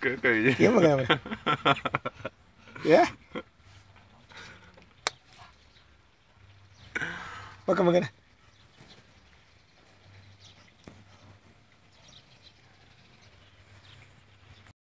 Cứ cười chứ. Kiếm người mình. Yeah. Bác cảm ơn cái này.